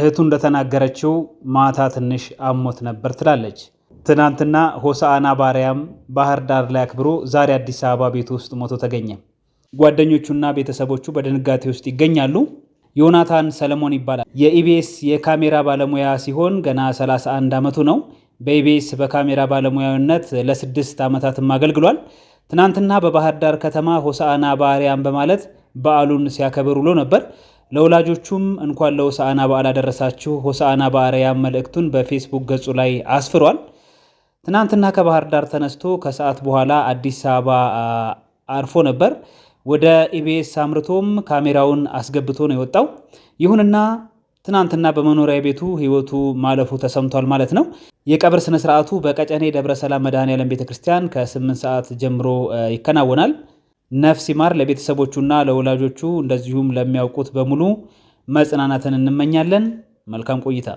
እህቱ እንደተናገረችው ማታ ትንሽ አሞት ነበር ትላለች። ትናንትና ሆሳዕና ባርያም ባህር ዳር ላይ አክብሮ ዛሬ አዲስ አበባ ቤት ውስጥ ሞቶ ተገኘ። ጓደኞቹና ቤተሰቦቹ በድንጋቴ ውስጥ ይገኛሉ። ዮናታን ሰለሞን ይባላል። የኢቢኤስ የካሜራ ባለሙያ ሲሆን ገና 31 ዓመቱ ነው። በኢቢኤስ በካሜራ ባለሙያነት ለስድስት ዓመታትም አገልግሏል። ትናንትና በባህር ዳር ከተማ ሆሳዕና ባህሪያን በማለት በዓሉን ሲያከብር ውሎ ነበር። ለወላጆቹም እንኳን ለሆሳዕና በዓል አደረሳችሁ ሆሳዕና በአርያም መልእክቱን በፌስቡክ ገጹ ላይ አስፍሯል። ትናንትና ከባህር ዳር ተነስቶ ከሰዓት በኋላ አዲስ አበባ አርፎ ነበር። ወደ ኢቢኤስ አምርቶም ካሜራውን አስገብቶ ነው የወጣው። ይሁንና ትናንትና በመኖሪያ ቤቱ ህይወቱ ማለፉ ተሰምቷል ማለት ነው። የቀብር ስነስርዓቱ በቀጨኔ ደብረ ሰላም ያለም ቤተክርስቲያን ከ8 ሰዓት ጀምሮ ይከናወናል። ነፍስ ይማር ለቤተሰቦቹና ለወላጆቹ እንደዚሁም ለሚያውቁት በሙሉ መጽናናትን እንመኛለን። መልካም ቆይታ